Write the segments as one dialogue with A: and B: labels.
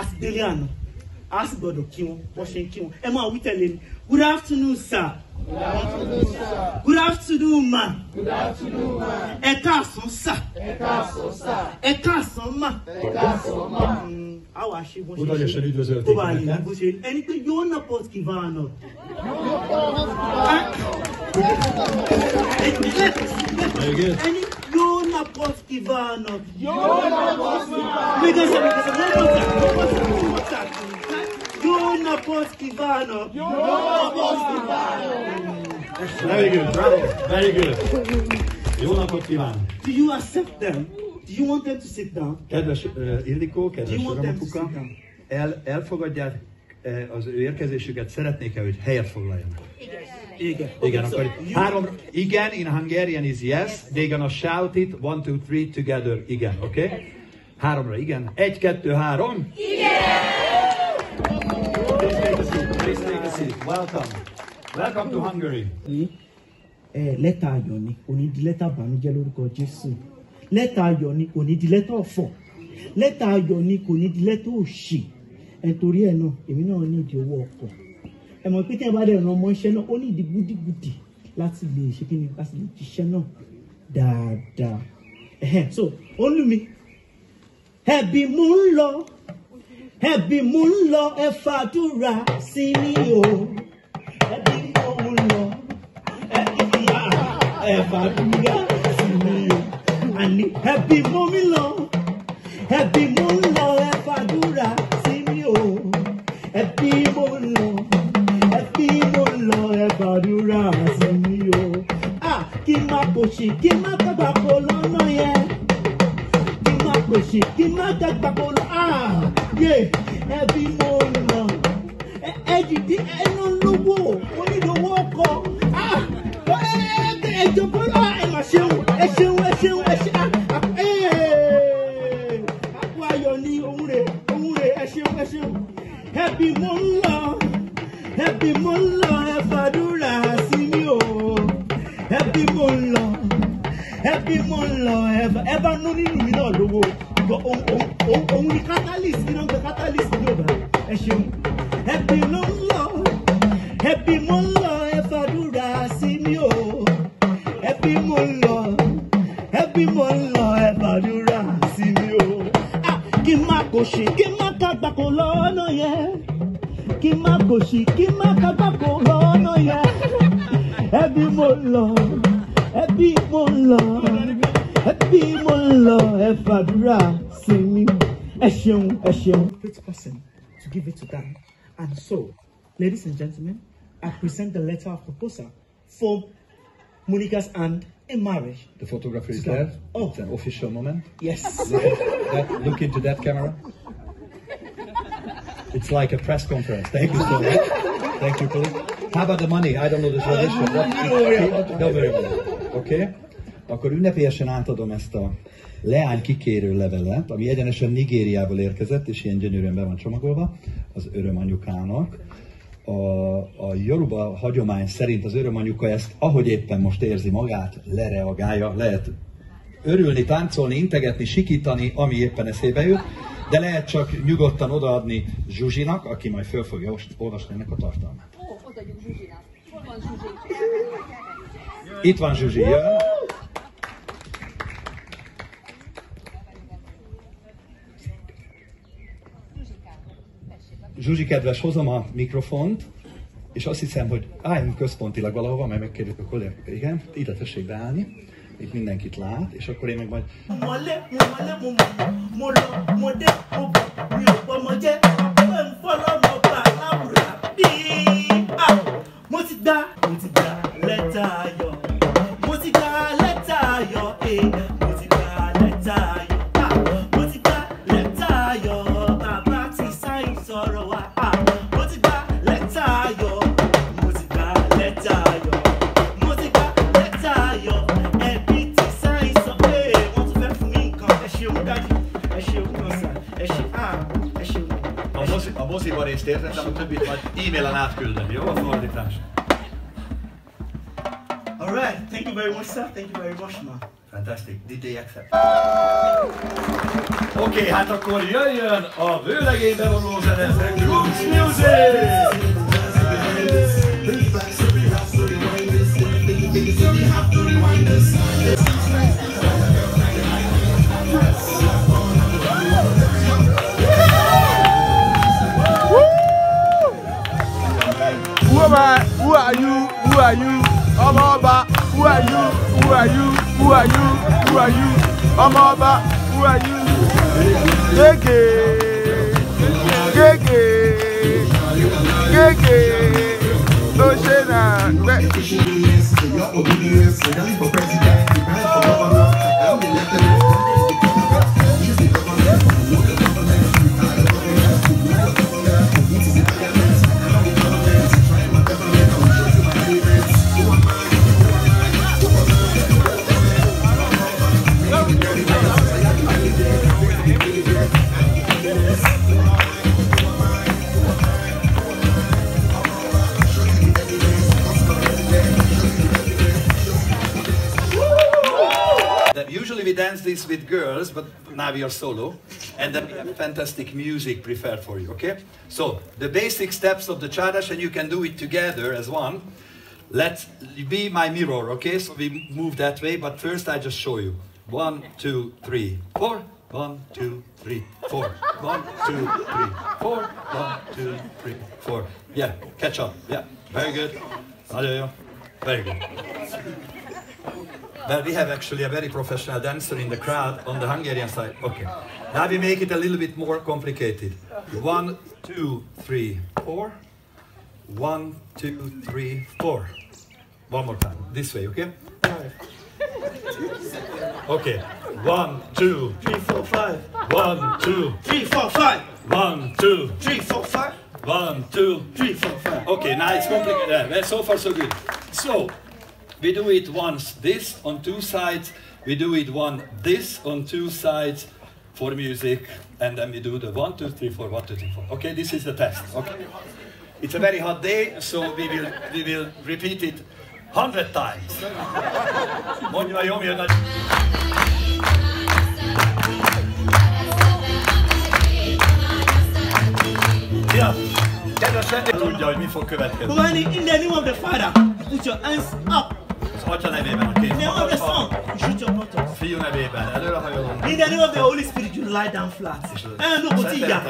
A: a sì délé àná a sì gbọ́dọ̀ kí wọn bó ṣe ń kí wọn ẹ máa wí tẹ̀lé good afternoon sir. Good afternoon, sir. Good afternoon, ma. Good afternoon, ma. Ẹ káàsán, sà. Ẹ káàsán, sà. Ẹ káàsán, ma. Ẹ káàsán, ma. A wà ṣe bó ṣe ṣe. Tó bá yẹ bó ṣe. Ẹni pé yóò nà pọ́t kì bá a nà. Ẹni pé ẹni. napot kívánok! Jó napot kívánok! Jó napot kívánok! Jó napot kívánok! Jó napot kívánok! Very good, bravo,
B: very good. Jó napot kívánok! Do you accept them? Do you want them to sit down? Kedves uh, Ildikó, kedves Ramapuka, el, elfogadják az ő érkezésüket, szeretnék-e, hogy helyet foglaljanak? Igen. Igen. Igen, okay, akkor három, igen in Hungarian is yes. They're gonna shout it, one, two, three, together, igen, oké? Okay? Háromra, igen. Egy, kettő, három. Igen!
A: Please take a seat, please take a seat. Welcome.
B: Welcome to Hungary.
A: Lẹ́tà ayọ̀ ni, di lẹ́tà ọ̀fọ̀. Lẹ́tà ayọ̀ ni, di lẹ́tà òṣì. Ẹ̀ ẹ̀ náà, èmi náà ní ìdí ẹ mọ̀ pé tí ẹ bá dẹ̀ ràn ọmọ iṣẹ́ náà ó ní ìdí gúdígúdí láti lè ṣe kí ni láti lè jíṣẹ́ náà dáadáa so olú mi ẹ̀bì mú ń lọ ẹ̀bì mú ń lọ ẹ fàdúrà sí mi o ẹ̀bì mú ń lọ ẹ fàdúrà sí mi o àní mú mi lọ ẹ̀bì mú ń lọ. ẹ bá nú nínú mi náà lówó òun ni catalyst kí náà ń pè catalyst ní ọ̀dà ẹ ṣeun. bí mo ń lọ ẹ fàdúrà great person to give it to them and so ladies and gentlemen I present the letter of proposal for Monica's hand in marriage. The photographer is there. Oh. It's an official moment. Yes.
B: that, look into that camera. It's like a press conference. Thank you so much. Thank you, colleague. How about the money? I don't know the tradition. Uh, no, no, no, no, no, no, no, no, no, no, no, no, no, no, no, no, no, no, akkor ünnepélyesen átadom ezt a leány kikérő levelet, ami egyenesen Nigériából érkezett, és ilyen gyönyörűen be van csomagolva, az öröm anyukának. A, a Yoruba hagyomány szerint az öröm anyuka ezt, ahogy éppen most érzi magát, lereagálja, lehet örülni, táncolni, integetni, sikítani, ami éppen eszébe jut, de lehet csak nyugodtan odaadni Zsuzsinak, aki majd föl fogja olvasni ennek a tartalmát.
A: Ó, odaadjuk Zsuzsinak. Hol van Zsuzsi?
B: Itt van Zsuzsi, jön. Zsuzsi kedves, hozom a mikrofont, és azt hiszem, hogy álljunk központilag valahova, mert megkérjük a kollégákat, igen, ide tessék beállni, itt mindenkit lát, és akkor én meg majd...
A: mo ti gbà
B: moziba részt értettem, a többit majd e-mailen átküldöm, jó a fordítás?
A: Alright, thank you very much sir, thank you very much ma.
B: Fantastic, DJ accept. Oké, okay, hát akkor jöjjön a vőlegébe való zenezek. Groups Music! we have to rewind this.
A: who are you who are you ọmọ ọba who are you who are you who are you who are you ọmọ ọba who are you gègé gègé gègé ló ṣe náà gbẹ. Obedience, the young for president, the man for governor, I am elected.
B: with girls, but now we are solo. And then we have fantastic music prepared for you, okay? So, the basic steps of the Chadash, and you can do it together as one. Let's be my mirror, okay? So we move that way, but first I just show you. One, two, three, four. One, two, three, four. One,
A: two, three, four.
B: One, two, three, four. Yeah, catch up. Yeah, very good. Very good. But we have actually a very professional dancer in the crowd on the Hungarian side. Okay. Now we make it a little bit more complicated. One, two, three, four. One, two, three, four. One more time. This way, okay? Okay. One, two, three, four, five. One, two, three, four, five. One, two, three, four, five. One, two, three, four, five. Okay, now it's complicated. So far, so good. So, we do it once this on two sides, we do it one this on two sides for music, and then we do the one, two, three, four, one, two, three, four. Okay, this is the test. Okay. It's a very hot day, so we will, we will repeat it 100 times. yeah. Kedves tudja, hogy mi fog következni. Who any
A: in the name of the Father, put your hands up.
B: Atya nevében a két Now the song, shoot your buttocks. Fiú nevében előrehajolunk. In the name of the
A: Holy Spirit, you lie down flat. Eh, no, but yeah.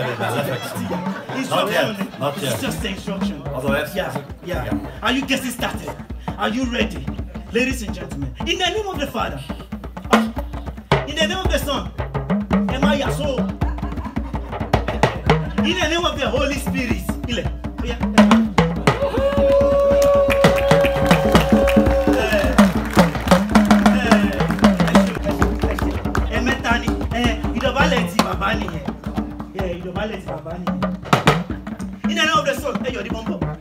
A: Instruction. Not yet. It's just the instruction. Az a verse? Yeah, yeah. Are you getting started? Are you ready? Ladies and gentlemen, in the name of the Father, in the name of the Son, Emma Yaso, in the name of the Holy Spirit, Ile. Yeah, in and out of the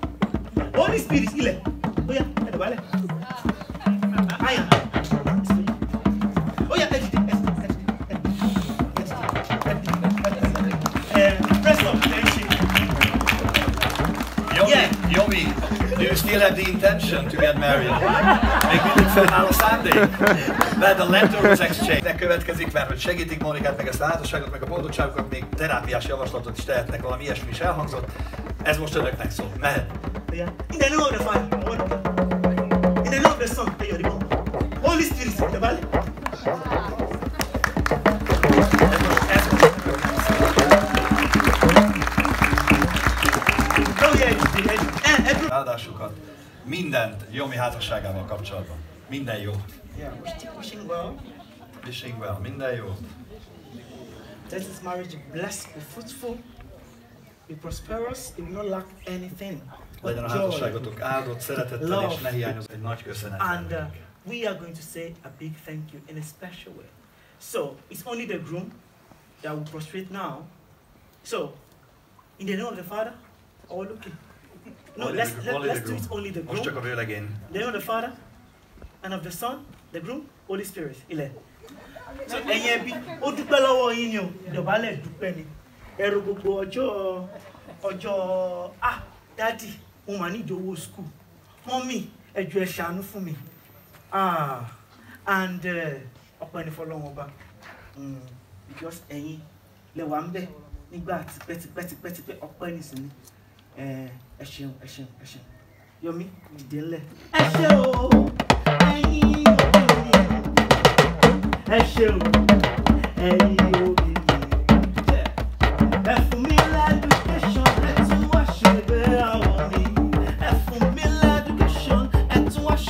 A: holy spirit ilẹ̀ oh,
B: eh, Yomi, do you still have the intention to get married? Make me for an understanding. Where a letter Exchange De következik, mert hogy segítik Monikát, meg ezt a házasságot, meg a boldogságokat, még terápiás javaslatot is tehetnek, valami ilyesmi is elhangzott. Ez most önöknek szól. Mehet.
A: Yeah. In the love of Monica. In the love of the song, your mom. Holy Spirit,
B: the Áldásukat mindent Jomi házasságával kapcsolatban. Minden jó.
A: Yeah, wishing well.
B: Wishing well, Mindayo.
A: Let this marriage blessed, be fruitful, be prosperous, it will not lack anything. Legyen a házasságotok áldott, szeretettel és ne egy
B: nagy köszönet. And uh,
A: we are going to say a big thank you in a special way. So, it's only the groom that will prostrate now. So, in the name of the Father, all oh, looking. No, only let's, the, let, let's do it only the groom. Most csak a vőlegén. In the name of the Father, and of the Son, the group, holy spirit ilẹ̀ so ẹ̀yin ẹbí ó dúpẹ́ lọ́wọ́ yín ni o ìdọ̀bálẹ̀ dúpẹ́ ni ẹ̀rù gbogbo ọjọ́ ọjọ́ ah dádì mo mà níjọ owó skul mọ́mì ẹ̀jọ̀ ẹ̀ ṣàánú fún mi ah and eh, ọ̀pọ̀ ẹni fọlọ́wọ́n ọba hmm, because ẹ̀yin lẹ́wà ń bẹ̀ nígbà tipẹ́tipẹ́tipẹ́ ọ̀pọ̀ ẹni sì ni eh, ẹ ṣeun ẹ ṣeun ẹ ṣeun Yomi dìde ńlẹ̀. ẹ ṣe o ẹ̀yin.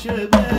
A: should be.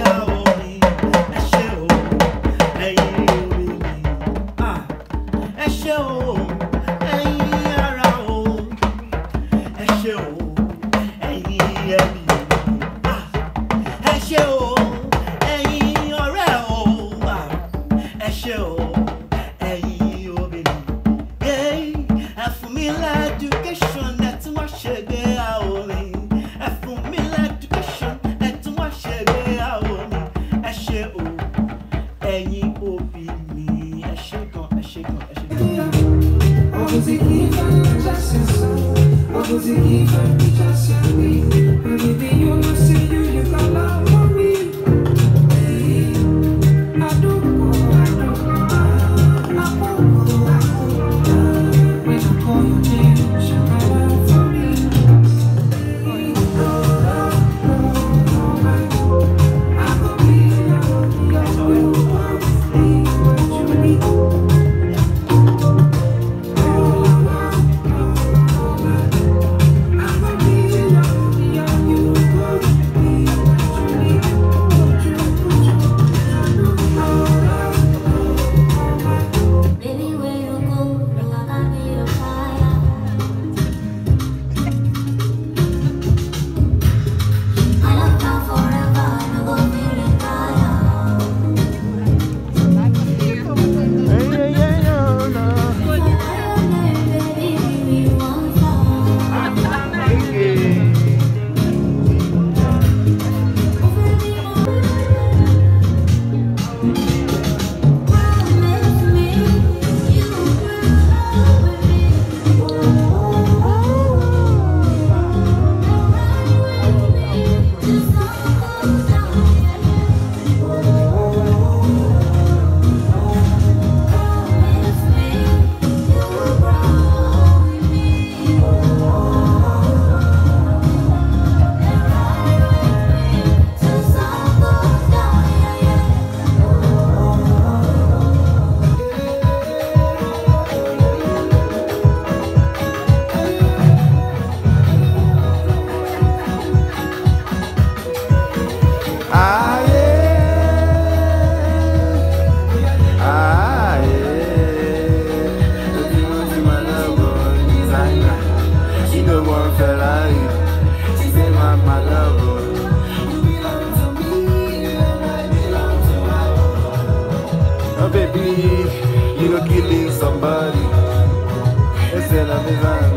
A: c'est la é a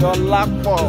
A: Dọlápọ̀.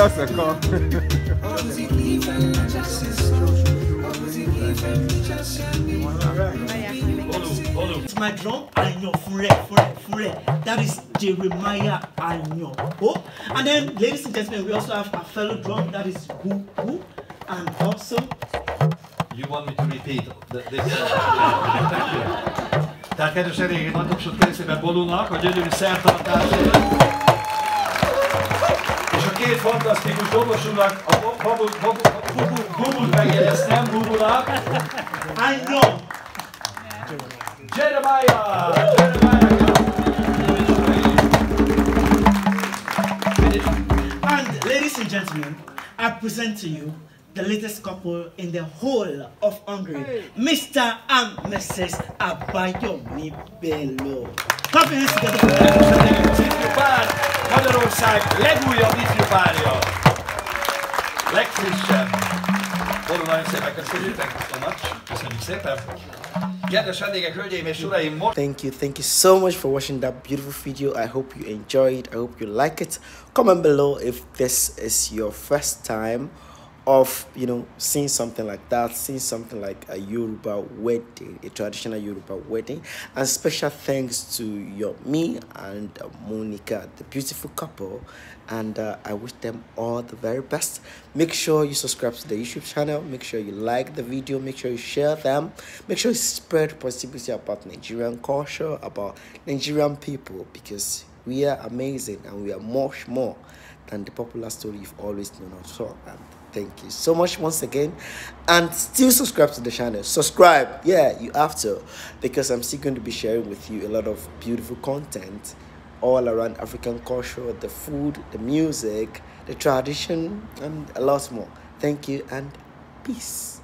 A: else will come. My drum, Anyo Fure, Fure, Fure. That is Jeremiah Anyo. Oh, and then, ladies and gentlemen, we also have a fellow drum that is Who Who, and also. You want me to repeat this?
B: Thank uh, you. Tehát kedves elégét nagyobb sok keresztében Bolónak, a gyönyörű that két fantasztikus dobosunak, a Bubut megjegyez, nem Bubunak. Ányom!
A: Jeremiah! And ladies and gentlemen, I present to you the latest couple in the whole of Hungary, Mr. and Mrs. Abayomi Bello. Clap your hands together legújabb ifjú párja.
B: Legfrissebb. Boldog nagyon szépen köszönjük,
A: Thank you, thank you so much for watching that beautiful video. I hope you enjoyed, I hope you like it. Comment below if this is your first time of you know seeing something like that seeing something like a yoruba wedding a traditional yoruba wedding and special thanks to your me and uh, monica the beautiful couple and uh, i wish them all the very best make sure you subscribe to the youtube channel make sure you like the video make sure you share them make sure you spread positivity about nigerian culture about nigerian people because we are amazing and we are much more than the popular story you've always known of so and thank you so much once again and still subscribe to the channel subscribe yeah you have to because i'm still going to be sharing with you a lot of beautiful content all around african culture the food the music the tradition and a lot more thank you and peace